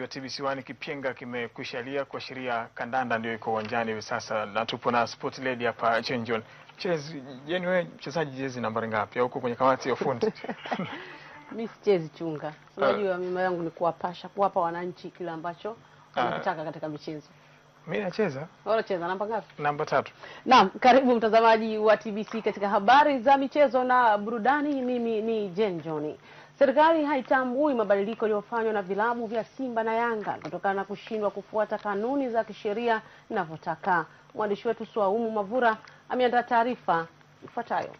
mchezaji wa TBC One kipyenga kimekwishalia kuashiria kandanda ndio iko uwanjani hivi sasa, na tupo na sport lady hapa Chenjon. Chezi, yani wewe mchezaji jezi nambari ngapi huko kwenye kamati ya fundi? Mimi sichezi chunga, unajua ah. mimi yangu ni kuwapasha, kuwapa wananchi kila ambacho ah. wanataka katika michezo. Mimi nacheza. Wewe unacheza namba ngapi? Namba tatu. Naam, karibu mtazamaji wa TBC katika habari za michezo na burudani. Mimi ni Jenjoni. Serikali haitambui mabadiliko yaliyofanywa na vilabu vya Simba na Yanga kutokana na kushindwa kufuata kanuni za kisheria inavyotaka. Mwandishi wetu Swaumu Mavura ameandaa taarifa ifuatayo.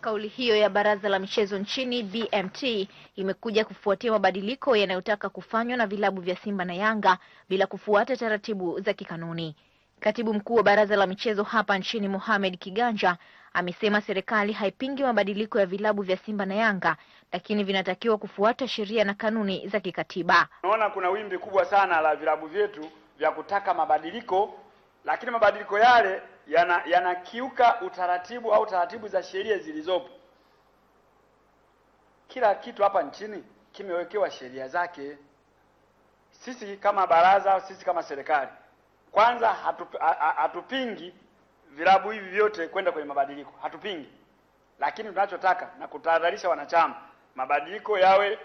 Kauli hiyo ya baraza la michezo nchini BMT imekuja kufuatia mabadiliko yanayotaka kufanywa na vilabu vya Simba na Yanga bila kufuata taratibu za kikanuni. Katibu mkuu wa baraza la michezo hapa nchini Mohamed Kiganja amesema serikali haipingi mabadiliko ya vilabu vya Simba na Yanga, lakini vinatakiwa kufuata sheria na kanuni za kikatiba. Naona kuna wimbi kubwa sana la vilabu vyetu vya kutaka mabadiliko, lakini mabadiliko yale yanakiuka yana utaratibu au taratibu za sheria zilizopo. Kila kitu hapa nchini kimewekewa sheria zake. Sisi kama baraza, sisi kama serikali, kwanza hatup, hatupingi vilabu hivi vyote kwenda kwenye mabadiliko, hatupingi, lakini tunachotaka na kutahadharisha wanachama, mabadiliko yawe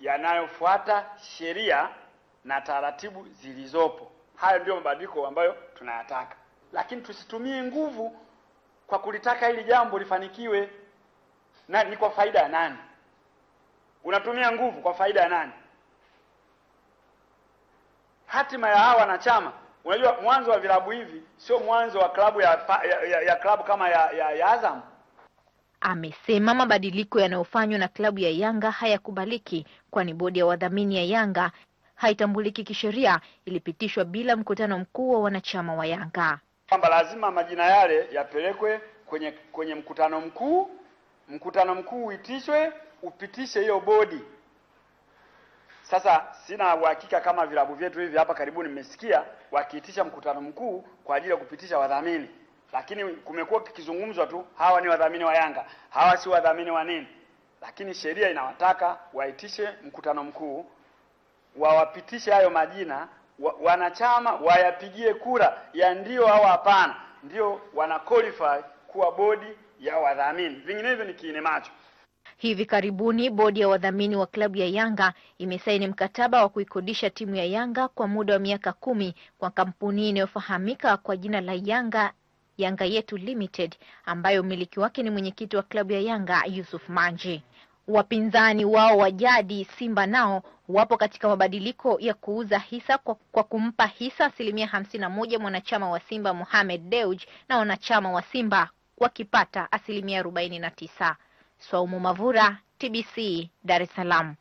yanayofuata sheria na taratibu zilizopo. Hayo ndiyo mabadiliko ambayo tunayataka, lakini tusitumie nguvu kwa kulitaka hili jambo lifanikiwe. Na ni kwa faida ya nani? Unatumia nguvu kwa faida ya nani? Hatima ya hawa wanachama Unajua mwanzo wa vilabu hivi sio mwanzo wa klabu ya, ya, ya, ya klabu kama ya, ya, ya Azam. Amesema mabadiliko yanayofanywa na klabu ya Yanga hayakubaliki, kwani bodi ya wadhamini ya Yanga haitambuliki kisheria, ilipitishwa bila mkutano mkuu wa wanachama wa Yanga, kwamba lazima majina yale yapelekwe kwenye kwenye mkutano mkuu, mkutano mkuu uitishwe, upitishe hiyo bodi. Sasa sina uhakika kama vilabu vyetu hivi hapa karibuni, mmesikia wakiitisha mkutano mkuu kwa ajili ya kupitisha wadhamini, lakini kumekuwa kikizungumzwa tu, hawa ni wadhamini wa Yanga, hawa si wadhamini wa nini, lakini sheria inawataka waitishe mkutano mkuu, wawapitishe hayo majina wanachama wayapigie kura ya ndio au hapana, ndio wana qualify kuwa bodi ya wadhamini, vinginevyo ni kiine macho. Hivi karibuni bodi ya wadhamini wa klabu ya Yanga imesaini mkataba wa kuikodisha timu ya Yanga kwa muda wa miaka kumi kwa kampuni inayofahamika kwa jina la Yanga Yanga Yetu Limited ambayo umiliki wake ni mwenyekiti wa klabu ya Yanga Yusuf Manji. Wapinzani wao wa jadi Simba nao wapo katika mabadiliko ya kuuza hisa kwa, kwa kumpa hisa asilimia hamsini na moja mwanachama wa Simba Mohamed Deuj na wanachama wa Simba wakipata asilimia arobaini na tisa. Swaumu Mavura, TBC, Dar es Salaam.